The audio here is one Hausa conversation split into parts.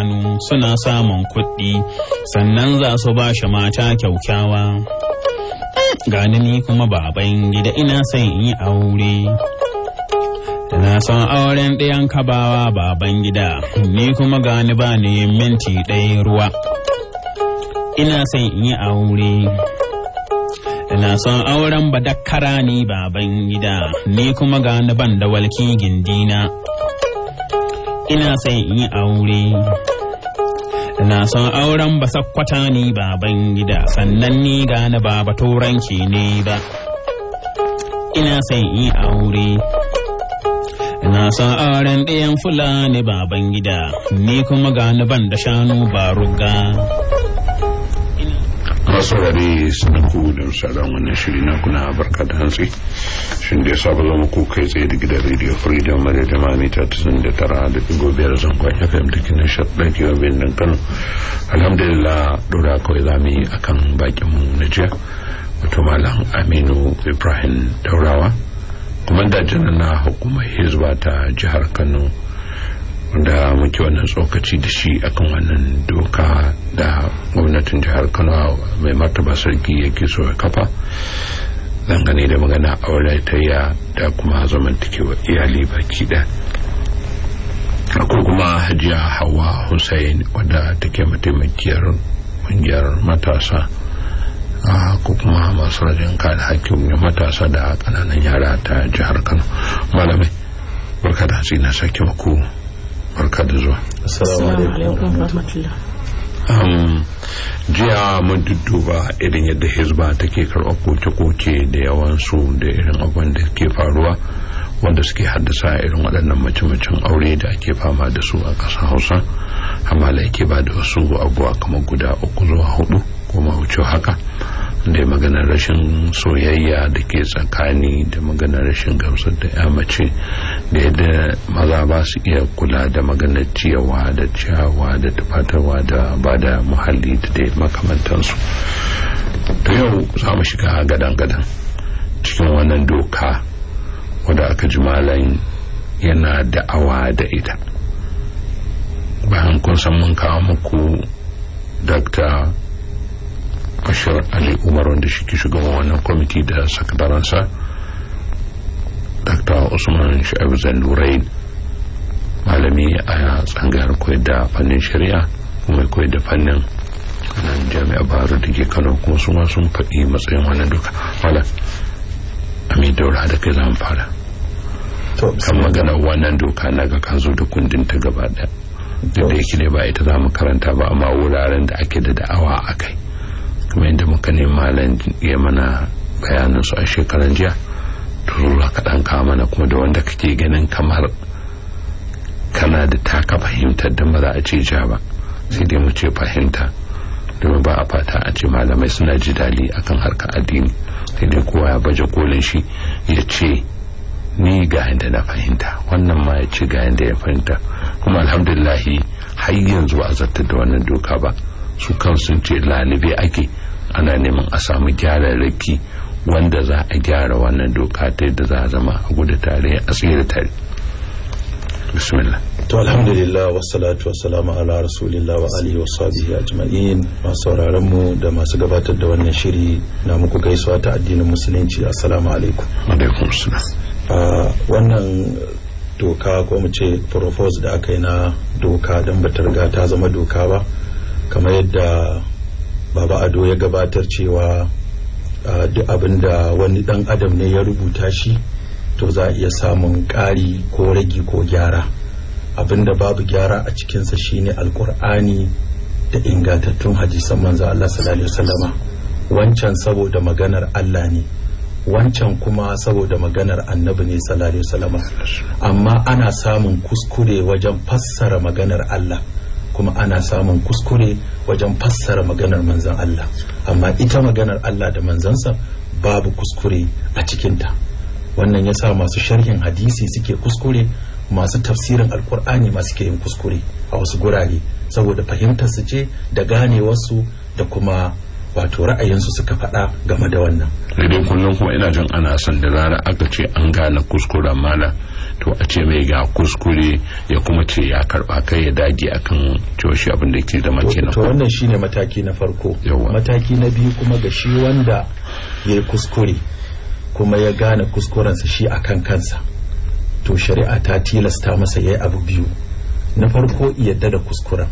shanu suna samun kuɗi sannan za su ba shi mata kyaukyawa gani ni kuma baban gida ina son in yi aure na son auren ɗayan kabawa baban gida ni kuma gani ba ni minti ɗaya ruwa ina son in yi aure na son auren badakkara ni baban gida ni kuma gani ban da walki gindina ina son in yi aure na san auren ba sakkwata ni baban gida sannan ni gane ba ba turanci ne ba ina son yi aure na san auren ɗayan fulani baban gida ni kuma gane ban da shanu ba ruga masu ware sanar ku da misalan wannan shiri na kuna barka da hantsi shi da ya zama ku kai tsaye da gidan radio freedom mara da mami ta da tara da biyar fm da kinin shaɗa kiwon birnin kano alhamdulillah ɗora kawai za a yi akan bakinmu na jiya wato malam aminu ibrahim daurawa kuma da na hukumar hizba ta jihar kano da muke wannan tsokaci da shi akan wannan doka da gwamnatin jihar kano mai martaba sarki yake so ya kafa dangane da magana ya da kuma zamantakewa iyali baki da akwai kuma hajiya hawa hussain wadda take mataimakiyar ƙungiyar matasa ko kuma masu rajin kada hakkin matasa da ƙananan yara ta jihar kano malami. barka da hatsi na sake maku barka da zuwa jiya mun irin yadda hezba take karɓar koke-koke da yawansu da irin abin da ke faruwa wanda suke haddasa irin waɗannan mace-macen aure da ake fama da su a ƙasar hausa da yake ba da wasu abuwa kamar guda uku zuwa hudu ko wuce haka da maganar rashin soyayya da ke tsakani da maganar rashin gamsar da ya mace da yadda maza ba su iya kula da maganar ciyawa da ciyawa da tufatarwa da ba da muhalli da dai makamantansu to yau za mu shiga gadan-gadan cikin wannan doka wadda aka ji malayin yana da'awa da ita bayan kun san mun kawo muku dr bashir ali umar wanda shi ke shugaban wannan kwamiti da sakadaransa dr usman sha'ib Zanurai malami a tsangayar koyar da fannin shari'a mai koyar da fannin nan jami'a baro da ke kano kuma su ma sun faɗi matsayin wannan duka wala amin daura da kai zan fara kan magana wannan doka na ga kan zo da kundin ta gaba ɗaya da yake ne ba ita za mu karanta ba amma wuraren da ake da da'awa a kai kuma inda muka ne malam ya mana bayanin su a shekaran jiya turula kaɗan ka mana kuma da wanda kake ganin kamar kana da taka fahimtar don ba za a ce ja ba sai dai mu ce fahimta domin ba a fata a ce malamai suna ji dali akan harka addini sai dai kowa ya baje kolin shi ya ce ni ga yadda na fahimta wannan ma ya ce ga yadda ya fahimta kuma alhamdulillahi har yanzu a zartar da wannan doka ba su kan sun ce lalube ake ana neman a samu gyararraki wanda za a gyara wannan doka ta yadda za a zama a gudu tare a tsere tare bismillah to alhamdulillah wassalatu wassalamu ala rasulillah wa alihi wa sahbihi ajma'in masu sauraron mu da masu gabatar da wannan shiri na muku gaisuwa ta addinin musulunci assalamu alaikum alaikum assalam wannan doka ko mu ce propose da aka yi na doka don ba ta riga ta zama doka ba kamar yadda baba ado ya gabatar cewa duk abin da wani dan adam ne ya rubuta shi to za a iya samun ƙari ko ragi ko gyara abin da babu gyara a cikinsa shine alkur'ani da ingantattun hadisan manzo Allah sallallahu alaihi wancan saboda maganar Allah ne wancan kuma saboda maganar annabi ne sallallahu alaihi amma ana samun kuskure wajen fassara maganar Allah kuma ana samun kuskure wajen fassara maganar manzan Allah amma ita maganar Allah da manzansa babu kuskure a cikinta wannan ya sa masu sharhin hadisi suke kuskure masu tafsirin alkur'ani masu ke yin kuskure a wasu gurare saboda fahimtar su ce da ganewarsu da kuma wato ra'ayinsu suka faɗa game da wannan. Daidai kullum kuma ina jin ana son da rana aka ce an gane kuskuren mala to a ce mai ga kuskure ya kuma ce ya karba kai ya dage akan cewa abin da ke zama kenan to wannan shine mataki na farko mataki na biyu kuma ga shi wanda ya yi kuskure kuma ya gane kuskurensa shi akan kansa to shari'a ta tilasta masa ya yi abu biyu na farko yadda da kuskuren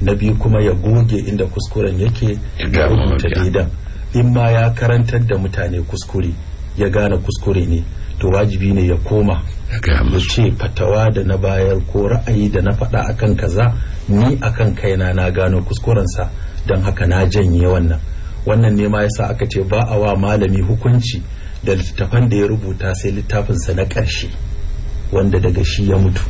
na biyu kuma ya goge inda kuskuren yake ya rubuta daidan in ma ya karantar da mutane kuskure ya gane kuskure ne to wajibi ne ya koma ya ce fatawa da na bayar ko ra'ayi da na faɗa akan kaza ni akan kaina na gano kuskurensa don haka na janye wannan wannan ne ma yasa aka ce ba a wa malami hukunci da littattafan da ya rubuta sai littafinsa na ƙarshe wanda daga shi ya mutu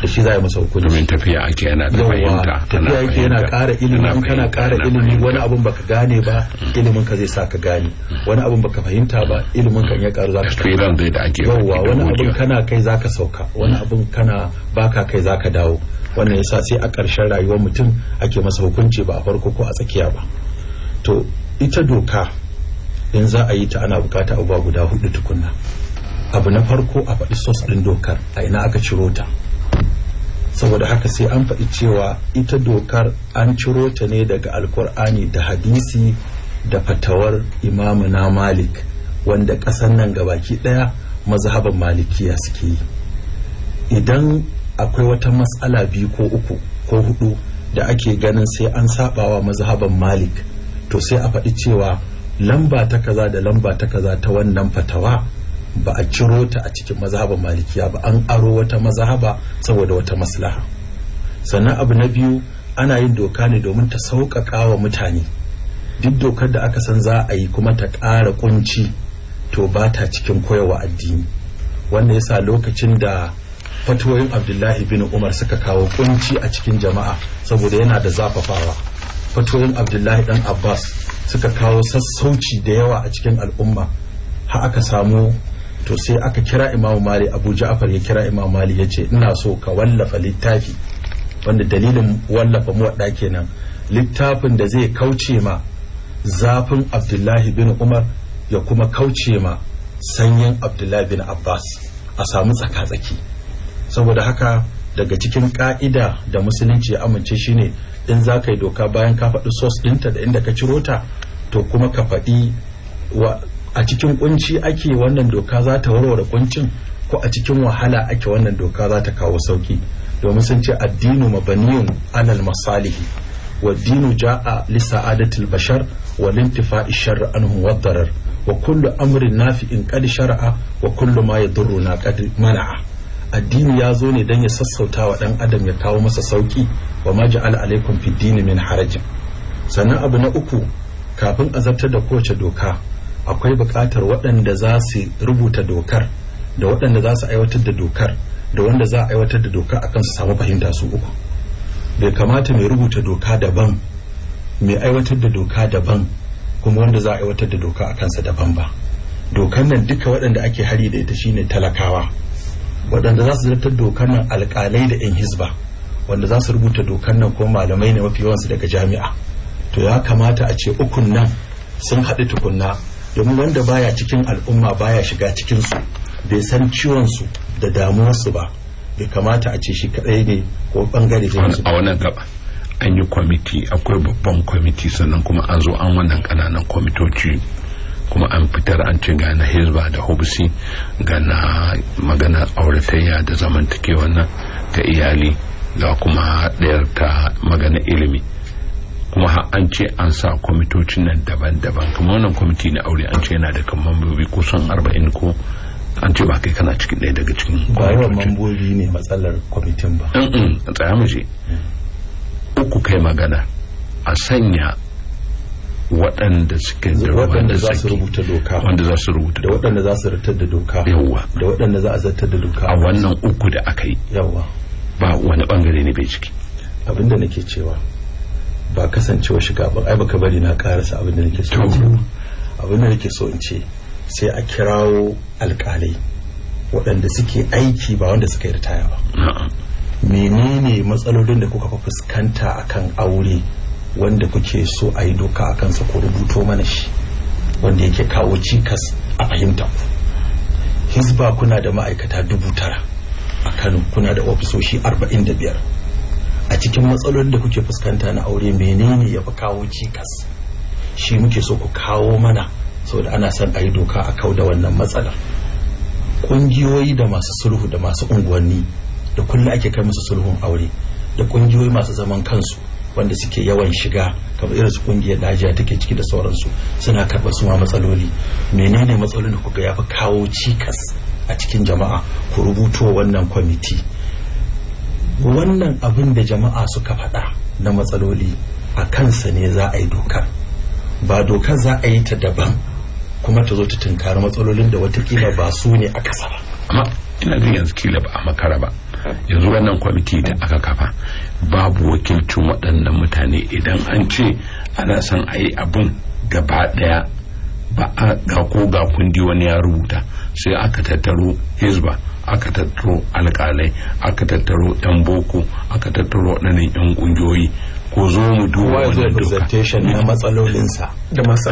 da shi za a yi masa hukunci domin tafiya ake yana da fahimta tafiya yake yana ƙara ilimi kana ƙara ilimi wani abun baka gane ba mm. ilimin ka zai sa ka gane mm. wani abun baka fahimta ba ilimin ka ya ƙaru za ka mm. yawwa wani abun kana kai za ka sauka wani abun kana baka kai za ka dawo wannan yasa sai a ƙarshen rayuwar mutum ake masa hukunci ba a farko ko a tsakiya ba to ita doka in za a yi ta ana bukata abubuwa guda hudu tukunna abu na farko a faɗi sos ɗin dokar a ina aka ciro ta saboda haka sai an faɗi cewa ita dokar an ciro ta ne daga alkur'ani da hadisi da fatawar imamu na malik wanda ƙasan nan ga baki ɗaya mazhaban malikiya suke yi idan akwai wata matsala biyu ko uku ko hudu da ake ganin sai an sabawa mazhaban malik to sai a faɗi cewa lamba ta kaza da lamba ta kaza ta wannan fatawa ba a ciro ta a cikin mazhaban malikiya ba an aro wata mazhaba saboda wata maslaha sannan abu na biyu ana yin doka ne domin ta sauƙaƙa wa mutane duk dokar da aka san za a yi kuma ta ƙara kunci to ba ta cikin koyarwa addini wanda yasa lokacin da fatuwoyin abdullahi bin umar suka kawo kunci a cikin jama'a saboda yana da zafafawa fatuwoyin abdullahi dan abbas suka kawo sassauci da yawa a cikin al'umma har aka samu to sai aka kira imamu mali abu ja'far ya kira imamu mali ya ce ina so ka wallafa littafi wanda dalilin wallafa muwadda kenan littafin da zai kauce ma zafin abdullahi bin umar ya kuma kauce ma sanyin abdullahi bin abbas a samu tsaka-tsaki saboda haka daga cikin ka'ida da musulunci ya amince shine in za ka yi doka bayan ka faɗi sos ɗinta da inda ka ciro ta to kuma ka faɗi a cikin kunci ake wannan doka za ta warware kuncin ko a cikin wahala ake wannan doka za ta kawo sauki domin sun ce addinu mabaniyun anal masalihi wa dinu ja'a li sa'adatil bashar wa lintifa'i sharri anhu wa darar wa kullu amrin nafi'in qad shar'a wa kullu ma na qad mana'a addini ya zo ne dan ya sassauta wa dan adam ya kawo masa sauki wa ma ja'al alaikum fid dini min harajin sannan abu na uku kafin a zartar da kowace doka akwai buƙatar waɗanda za su rubuta dokar da waɗanda za su aiwatar da dokar da wanda za a aiwatar da doka akan su samu fahimta su uku bai kamata mai rubuta doka daban mai aiwatar da doka daban kuma wanda za a aiwatar da doka a kansa daban ba dokan nan duka waɗanda ake hari da ita shine talakawa waɗanda za su zartar dokan nan alƙalai da 'yan hizba wanda za su rubuta dokan nan kuma malamai ne mafi yawansu daga jami'a to ya kamata a ce ukun nan sun haɗu tukunna domin wanda baya cikin al'umma baya shiga cikin su bai san ciwon su da damuwar su ba bai kamata a ce shi kadai ne ko bangare zai a wannan gaba an yi kwamiti akwai babban kwamiti sannan kuma an zo an wannan kananan kwamitoci kuma an fitar an ce gana hezba da hobsi gana magana auratayya da zamantakewa na ta iyali ga kuma ɗayar ta magana ilimi kuma an ce an sa kwamitocin nan daban-daban kuma wannan kwamiti na aure an ce yana da kan mambobi kusan arba'in ko an ce ba kai kana cikin ɗaya daga cikin kwamitocin ba mambobi ne matsalar kwamitin ba a tsaya mu je uku kai magana a sanya waɗanda suke da waɗanda za su rubuta doka Waɗanda za su rubuta da waɗanda za su rattar da doka Yawwa. da waɗanda za a zartar da doka a wannan uku da aka yi Yawwa. ba wani bangare ne bai ciki abinda nake cewa ba kasancewa shiga ba ai baka bari na karasa abin da nake so abin da nake so in ce sai a kirawo alkalai waɗanda suke aiki ba wanda suka yi ritaya ba menene matsalolin da kuka fuskanta akan aure wanda kuke so a yi doka a kansa ko rubuto mana shi wanda yake kawo cikas a fahimta hisba kuna da ma'aikata dubu tara a kano kuna da ofisoshi arba'in da biyar a cikin matsalolin da kuke fuskanta na aure menene ya fi kawo cikas shi muke so ku kawo mana saboda ana son a yi doka a kau da wannan matsalar ƙungiyoyi da masu sulhu da masu unguwanni da kullum ake kai musu sulhun aure da ƙungiyoyi masu zaman kansu wanda suke yawan shiga kamar irin su kungiyar dajiya take ciki da sauransu suna karɓar suma matsaloli menene matsalolin da kuka ya fi kawo cikas a cikin jama'a ku rubuto wannan kwamiti wannan abin da jama'a suka faɗa na matsaloli a kansa ne za a yi dokar ba dokar za a yi ta daban kuma ta zo ta tunkari matsalolin da watakila ba su ne a kasa ba amma ina jin yanzu kila ba a makara ba yanzu wannan kwamiti da aka kafa babu wakilcin waɗannan mutane idan an ce ana son a yi abin gaba ɗaya ba a ga ko ga kundi wani ya rubuta sai aka tattaro hezba. aka tattaro alkalai aka tattaro yan boko aka tattaro waɗannan yan ƙungiyoyi ko zo mu duba wannan doka presentation na matsalolinsa da masu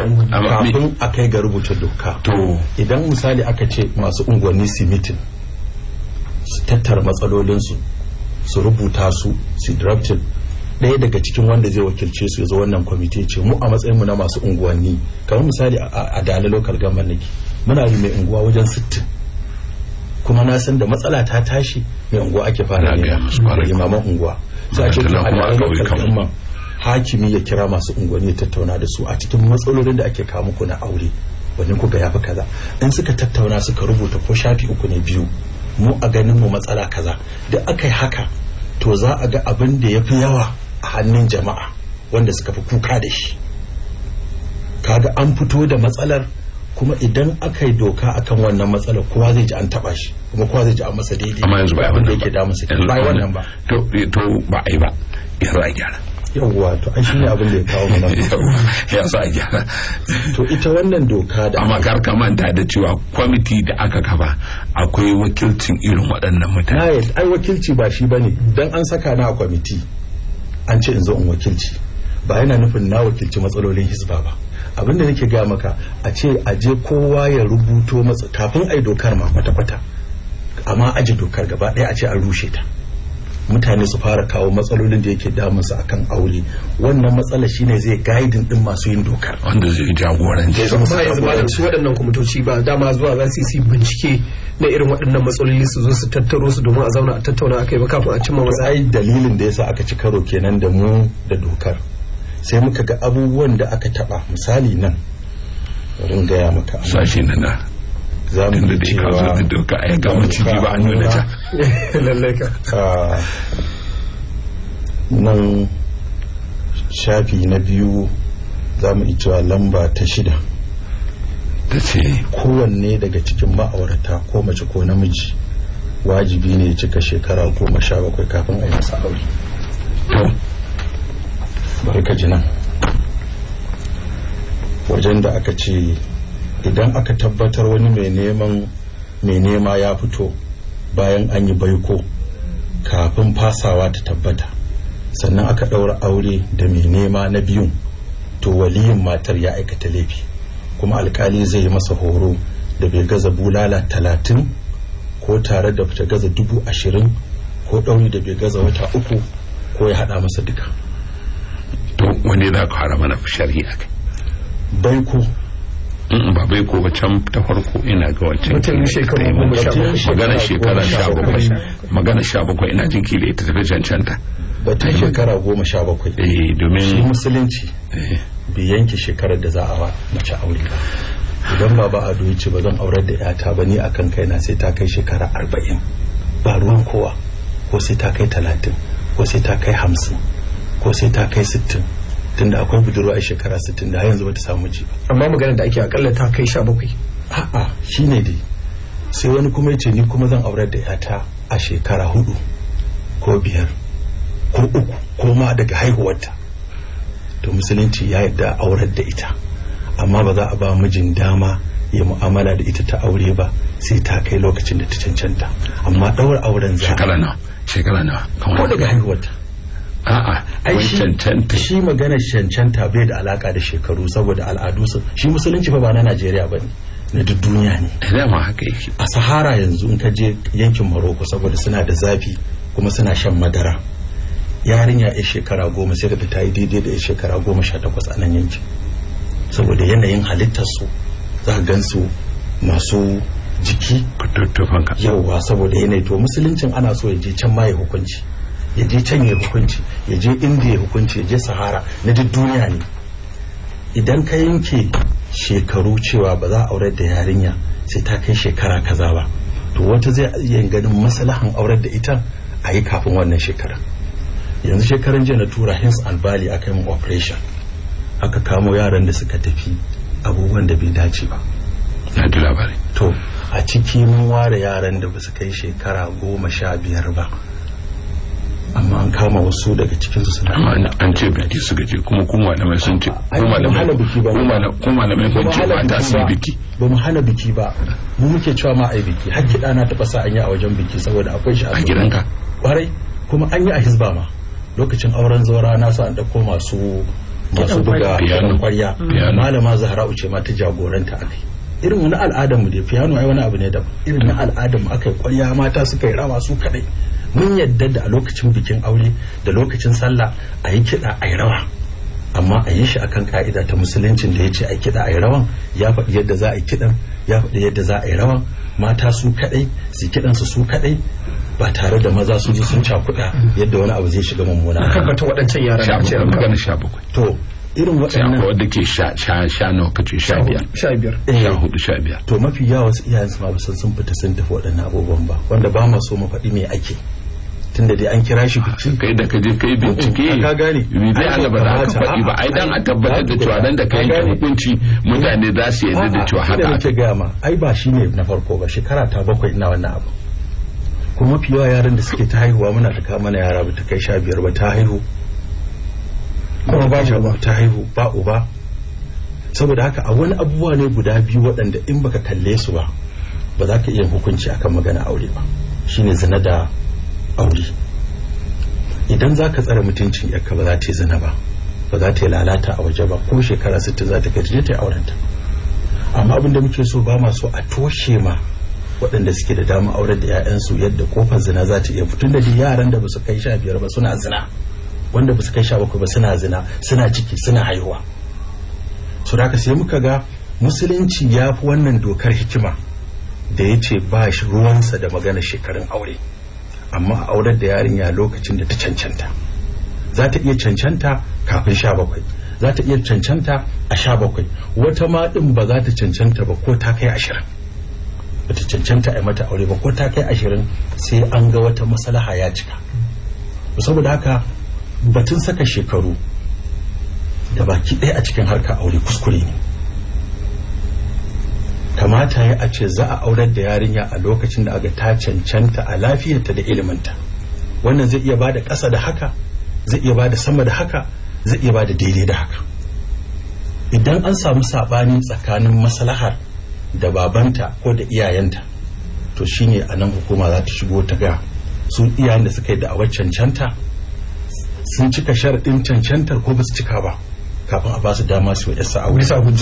kafin a kai ga rubuta doka to idan misali aka ce masu unguwanni su meeting su tattara matsalolinsu su rubuta su su drafted ɗaya daga cikin wanda zai wakilce su ya zo wannan kwamiti ce mu a matsayinmu na masu unguwanni kamar misali a dalilokar local ki muna yi mai unguwa wajen sittin kuma na san da matsala ta tashi mai unguwa ake fara ne da imaman unguwa sai a ce to a hakimi ya kira masu unguwanni ya tattauna da su a cikin matsalolin da ake kawo muku na aure wani kuka ya fi kaza in suka tattauna suka rubuta ko shafi uku ne biyu mu a ganin mu matsala kaza da aka yi haka to za a ga abin da ya fi yawa a hannun jama'a wanda suka fi kuka da shi kaga an fito da matsalar kuma idan aka yi doka akan wannan matsalar kowa zai ji an taba shi kuma kowa zai ji an masa daidai amma yanzu ba abin yake damu sai ba wannan ba to to ba yi ba yanzu a gyara yawwa to an ne abin da ya kawo mana yanzu a gyara to ita wannan doka da amma kar ka manta da cewa kwamiti da aka kafa akwai wakilcin irin waɗannan mutane ai wakilci ba shi bane dan an saka na kwamiti an ce in zo in wakilci ba yana nufin na wakilci matsalolin hisba ba Abin da nake ga maka a ce a je kowa ya rubuto matsa kafin ai dokar ma kwata-kwata amma aji dokar gaba ɗaya a ce an rushe ta mutane su fara kawo matsalolin da yake damun su akan aure wannan matsala shine zai guiding din masu yin dokar wanda zai jagoranci zama sai ya zama da su waɗannan kwamitoci ba dama zuwa za su yi bincike na irin waɗannan matsaloli su zo su tattaro su domin a zauna a tattauna akai ba kafin a cimma wasa dalilin da yasa aka ci karo kenan da mu da dokar sai muka ga abubuwan da aka taba misali nan rin gaya maka sashi na na za mu da cewa da doka a yaga mace ji ba hannu na ta lallai ka ah. Ah, nan shafi na biyu za mu ita lamba ta shida ta ce kowanne daga cikin ma'aurata ko mace ko namiji wajibi ne cika shekara goma sha bakwai kafin a yi masa aure bari ka wajen da aka ce idan aka tabbatar wani mai neman mai nema ya fito bayan an yi baiko kafin fasawa ta tabbata sannan aka ɗaura aure da mai nema na biyun to waliyin matar ya aikata laifi kuma alkali zai yi masa horo da bai gaza bulala talatin ko tare da ta gaza dubu ashirin ko ɗauri da bai gaza wata uku ko ya haɗa masa duka to wani za ka fara mana sharhi a kai baiko mm, ba bai ko ba can ta farko ina ga wancan magana shekara sha bakwai magana sha bakwai ina jin kila ita tafi ta. batun shekara goma sha bakwai eh domin shi musulunci eh. bai yanke shekarar da za a mace aure ba idan ba ba a doyici ba zan aurar da yata ba ni akan kaina sai ta kai shekara arba'in ba ruwan kowa ko sai ta kai talatin ko sai ta kai hamsin ko sai ta kai sittin tunda akwai budurwa a shekara sittin da yanzu bata samu ji ba amma maganar da ake akalla ta kai sha bakwai a'a shine dai sai wani kuma yace ni kuma zan aurar da yata a shekara hudu ko biyar ko uku ko ma daga haihuwarta to musulunci ya yarda aurar da ita amma ba za a ba mijin dama ya mu'amala da ita ta aure ba sai ta kai lokacin da ta cancanta amma daura auren za shekara na shekara na ko daga haihuwarta a'a cancanta shi magana cancanta bai da alaka da shekaru saboda al'adu shi musulunci fa ba na Najeriya ba ne na duk duniya ne yake a sahara yanzu in ka je yankin Morocco saboda suna da zafi kuma suna shan madara yarinya ya shekara goma sai da fita yi daidai da ya shekara goma sha takwas a nan yankin saboda yanayin halittarsu za a gansu masu jiki kututtufanka yauwa saboda yanayi to musuluncin ana so ya je can ma ya hukunci ya je can ya hukunci ya je inda ya hukunci ya je sahara na duk duniya ne idan ka yanke shekaru cewa ba za a aurar da yarinya sai ta kai shekara kaza ba to wata zai iya ganin masalahan aurar da ita a yi kafin wannan shekara yanzu shekaran jiya na tura hins albali a kai yi operation aka kamo yaran da suka tafi abubuwan da bai dace ba na labari to a ciki mun ware yaran da ba su kai shekara goma sha biyar ba amma an kama wasu daga cikin su suna amma an ce biki suka ce kuma kun malamai sun ce kuma malamai kun malamai kun ce ba ta sun biki ba mu hana biki ba mu muke cewa ma ai biki har kiɗa na taɓa sa an yi a wajen biki saboda akwai shi a gidanka kwarai kuma an yi a hisba ma lokacin auren zaura na su an ɗauko masu masu buga kwarya malama zahra uce ma ta jagoranta a kai irin wani al'adar mu dai fiyano ai wani abu ne daban irin na al'adar mu akai kwarya mata suka yi rawa su kadai mun yadda da a lokacin bikin aure da lokacin sallah a yi kiɗa a yi rawa amma a yi shi akan ka'ida ta musuluncin da ya ce a yi kiɗa a yi rawan ya faɗi yadda za a yi kiɗan ya faɗi yadda za a yi rawan mata su kaɗai su kiɗansu su kaɗai ba tare da maza su ji sun cakuɗa yadda wani abu zai shiga mummuna kan ta waɗancan yara na ce magana sha bakwai to irin waɗannan wadda ke sha sha nawa kace sha biyar sha biyar eh. sha hudu sha biyar to mafi yawa wasu iyayen su ma ba sun fita sun tafi waɗannan abubuwan ba wanda ba ma so mu faɗi me ake da dai an kira shi bincike kai da kaje kai bincike ka gane bai Allah ba za ka faɗi ba ai dan a tabbatar da cewa dan da kai yanke hukunci mutane za su yarda da cewa haka ake ga ma ai ba shi ne na farko ba shekara ta bakwai ina wannan abu kuma fiye yaran da suke ta haihuwa muna ta kama na yara ba ta kai sha biyar ba ta haihu kuma ba ba ta haihu ba uba saboda haka a wani abubuwa ne guda biyu waɗanda in baka kalle su ba ba za ka iya hukunci akan magana aure ba shine zina da aure idan za ka tsara mutuncin yarka ba za ta yi zina ba ba za ta yi lalata a waje ba ko shekara sittin za ta gajiye ta yi aurenta amma abin da muke so ba ma so a toshe ma waɗanda suke da dama auren da 'ya'yansu yadda kofar zina za ta iya fitun da yaran da ba su kai sha biyar ba suna zina wanda ba su kai sha bakwai ba suna zina suna ciki suna haihuwa su da sai muka ga musulunci ya fi wannan dokar hikima da ya ce ba shi ruwansa da magana shekarun aure amma a aurar da yarinya lokacin da ta cancanta za ta iya cancanta kafin sha bakwai za ta iya cancanta a sha bakwai wata ma din ba za ta cancanta ba ko ta kai ashirin ba ta cancanta a mata aure ba ko ta kai ashirin sai an ga wata masalaha ya cika saboda haka batun saka shekaru da baki ɗaya a cikin harka aure kuskure ne kamata ya a ce za a aurar da yarinya a lokacin da aga ta cancanta a lafiyarta da iliminta wannan zai iya bada ƙasa da haka zai iya bada sama da haka zai iya bada daidai da haka idan an samu saɓani tsakanin maslahar da babanta ko da iyayenta to shine a nan hukuma za ta shigo ta ga su iyayen da suka yi da'awar cancanta sun cika sharaɗin cancantar ko ba su cika ba kafin a ba su dama su yasa a wuri sawa'un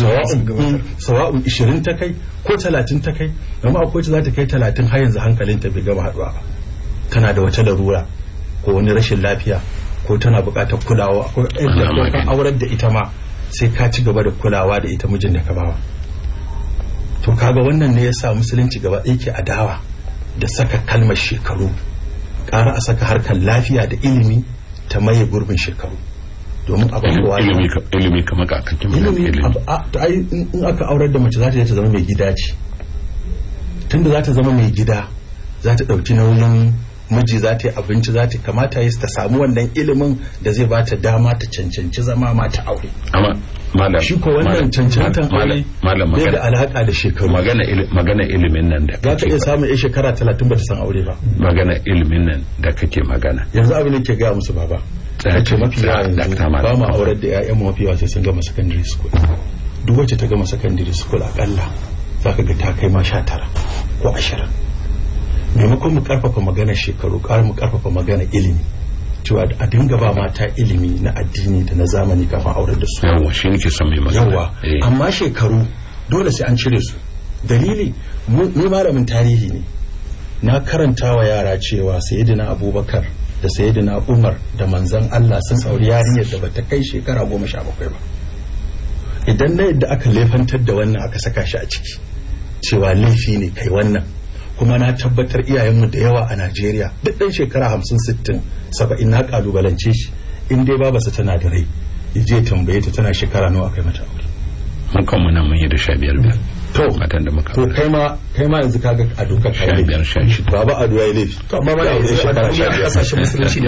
20 ta kai ko 30 ta kai amma akwai ta za ta kai 30 har yanzu hankalin ta bai gama haduwa ba tana da wata larura ko wani rashin lafiya ko tana buƙatar kulawa ko ɗan aurar da ita ma sai ka ci gaba da kulawa da ita mijin da ka bawa to kaga wannan ne yasa musulunci gaba ɗaya ke adawa da saka kalmar shekaru ƙara a saka harkar lafiya da ilimi ta maye gurbin shekaru domin a kowa ilimi ilimi kamar kakakin ilimi ta ai in aka aurar da mace za ta zama mai gida ce tunda za ta zama mai gida za ta ɗauki nauyin miji za ta yi abinci za ta kamata yi ta samu wannan ilimin da zai ba ta dama ta cancanci zama mata aure amma shi ko wannan cancantan aure bai da alaka da shekaru magana ilimin nan da za ta iya samun yan shekara talatin ba ta san aure ba magana ilimin nan da kake magana yanzu abin da ke gaya musu baba tsaya ce ba ma aurar da 'ya'yan mafi wace sun gama secondary school duk wacce ta gama secondary school akalla za ka ga ta kai ma sha tara ko ashirin maimakon mu karfafa magana shekaru kar mu karfafa magana ilimi cewa a dinga ba mata ilimi na addini da na zamani kafin aurar da su yawa shi ke son mai yawa eh. amma shekaru dole sai an cire su dalili ni malamin tarihi ne na karanta wa yara cewa sayyidina abubakar da sayyidina umar da Manzon allah sun sauri yarinyar da bata kai shekara goma sha bakwai ba idan na yadda aka lefantar da wannan aka saka shi a ciki cewa laifi ne kai wannan kuma na tabbatar iyayenmu da yawa a najeriya duk ɗan shekara hamsin sittin saba'in na kalubalance shi in dai babarsa tana da rai ya je tambaye ta tana shekara nawa kai mata aure. Mukan muna mun yi da sha biyar biyar. to matan da muka to kai ma kai ma yanzu kaga a dokar kai biyar shan shi baba to amma ba yanzu kasashen musulunci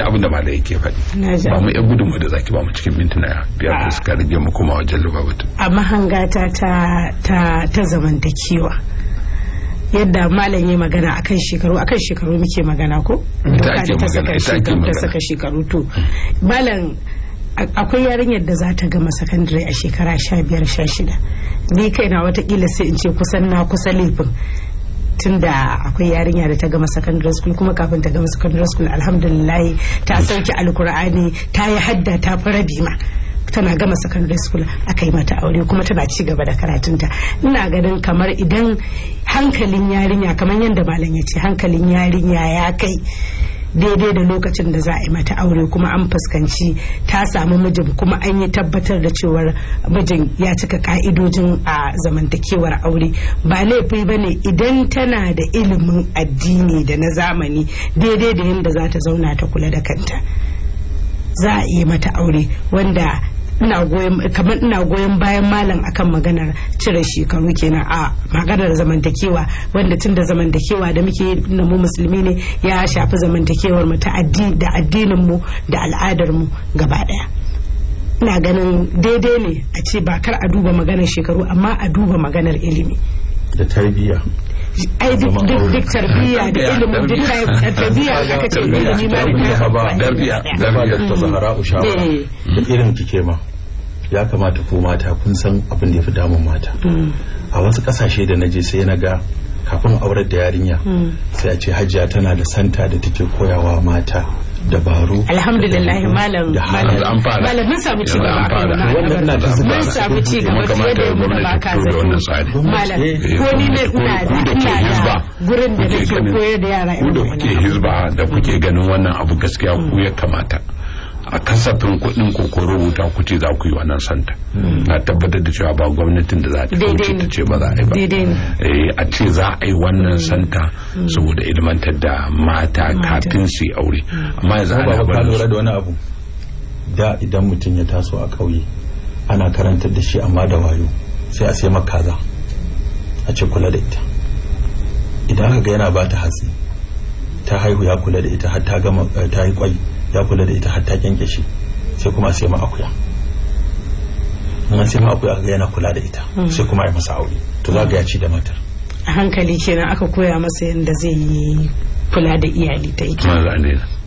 abin da malai yake faɗi ba mu yan gudunmu da zaki ba mu cikin mintuna biyar da suka rage mu kuma wajen lubabatu a mahangata ta ta ta zamantakewa yadda malam ya magana akan shekaru akan shekaru muke magana ko ta saka shekaru to mm. malam akwai yarinyar da za ta gama sakandare a shekara sha biyar sha shida ni kai na watakila sai in ce kusan na kusa laifin tun da akwai yarinya da ta gama sakandare school kuma kafin ta gama sakandare school alhamdulillah ta sauke alkur'ani ta yi hadda ta fi rabi tana gama secondary school aka yi mata aure kuma tana ci gaba da karatunta ina ganin kamar idan hankalin yarinya kamar yadda malam ya ce hankalin yarinya ya kai daidai da lokacin da za a yi mata aure kuma an fuskanci ta samu mijin kuma an yi tabbatar da cewar mijin ya cika ka'idojin a zamantakewar aure ba laifi ba ne idan tana da ilimin addini da na zamani daidai da yadda za ta zauna ta kula da kanta za a yi mata aure wanda ina goyon bayan malam akan maganar cire shekaru kenan a maganar zamantakewa wanda tun da zamantakewa da muke na mu musulmi ne ya shafi zamantakewar mu ta addini da addinin mu da al'adar mu gaba daya ina ganin daidai ne a ce ba kar a duba maganar shekaru amma a duba maganar ilimi da tarbiyya ai duk tarbiyya da ilimin duk tarbiyya aka ce ilimi ma eh. eh. da ba tarbiyya da ta zahara ushawa duk irin kike ma ya kamata ku mata kun san abin da ya fi damun mata mm. a wasu kasashe da naje sai na ga kafin aurar da yarinya hmm. sai a ce hajiya tana da santa da take koyawa mata dabaru alhamdulillah malam malam mun samu ci gaba wannan na da mun samu ci gaba da yadda ba ka zato malam ko eh, ni ne ina da ina da gurin da nake koyar da yara ku da kuke hizba da kuke ganin wannan abu gaskiya ku ya kamata a kasafin kuɗin ko wuta rubuta ku za ku yi wannan santa hmm. na tabbatar da cewa ba gwamnatin da za ta kauce ta ce ba za a yi ba eh, a ce za a yi wannan hmm. santa hmm. saboda ilmantar da mata kafin su yi aure amma yanzu ana ba lura da wani abu da idan mutum ya taso a ƙauye ana karantar da shi amma da wayo sai a sai makaza a ce kula da ita idan aka ga yana ba ta hatsi ta haihu ya kula da ita har ta gama eh, ta yi kwai ya kula da ita har ta shi sai kuma sai ma akuya in sai ma akuya ga yana kula da ita hmm. sai kuma ai masa aure to za ga ya ci da matar a hankali kenan aka koya masa yadda zai yi kula da iyali ta ita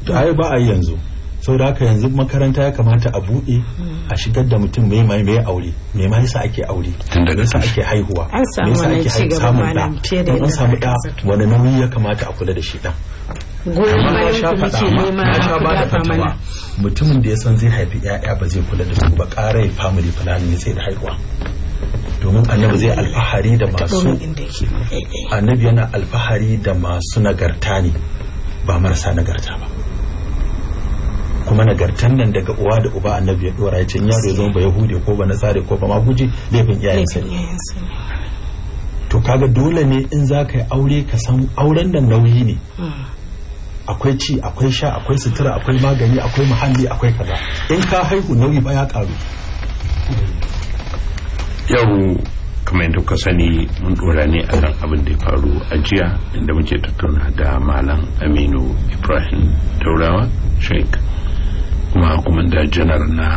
to ai ba a yi yanzu sau da haka yanzu makaranta ya kamata a buɗe hmm. a shigar da mutum mai mai mai aure me mai yasa ake aure tun daga sa ake haihuwa me yasa ake samun da an samu da wani nauyi ya kamata a kula da shi dan mutumin da ya san zai haifi 'ya'ya ba zai kula da su ba ƙara ya family planning ya sai da haihuwa domin annabi zai alfahari da masu annabi yana alfahari da masu nagarta ne ba marasa nagarta ba kuma nagartan nan daga uwa da uba annabi ya dora ya zo yaro zama ba hude ko ba na nasare ko ba ma guji laifin iyayensa ne to kaga dole ne in za ka yi aure ka san auren nan nauyi ne hmm. akwai ci akwai sha akwai sutura akwai magani akwai muhalli akwai kaza in ka haihu nauyi ba karu yau kamar yadda kuka sani mun dora ne a kan abin da ya faru a jiya inda muke tattauna da malam aminu ibrahim taurawa sheik kuma kuma da janar na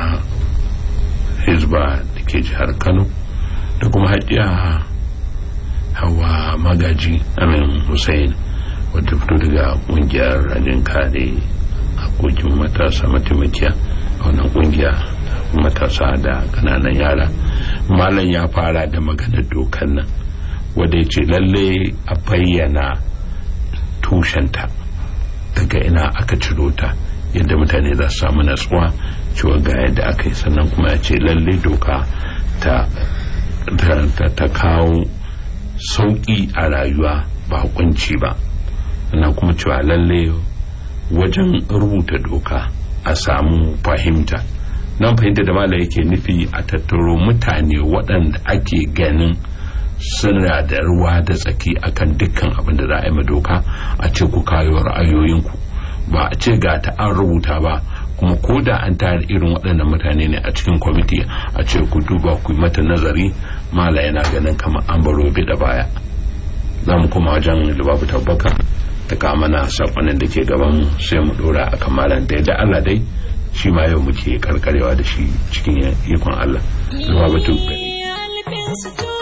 hezba da ke jihar kano da kuma hajiya hawa magaji amin hussein wata fito daga kungiyar rajin kare hakokin matasa mataimakiya wannan kungiya matasa da kananan yara malam ya fara da maganar dokar nan wadda ya ce lalle a bayyana tushenta daga ina aka ciro ta yadda mutane za su samu natsuwa cewa ga yadda aka yi sannan kuma ya ce lalle doka ta ta kawo sauƙi a rayuwa ba kunci ba na kuma cewa lalle wajen rubuta doka a samu fahimta nan fahimta da mala yake nufi a tattaro mutane waɗanda ake ganin suna da ruwa da tsaki akan dukkan abin da za a yi doka a ce ku kayo ra'ayoyinku ba a ce ga ta an rubuta ba kuma ko da an tayar irin waɗannan mutane ne a cikin kwamiti a ce ku duba ku mata nazari mala yana ganin kamar an baro da baya za mu kuma wajen libabu tabbaka tattaka mana sakonin da ke gaban sai mu dora a kamalan da yadda Allah dai shi ma yau muke karkarewa da shi cikin ikon Allah. Zuwa batu gani.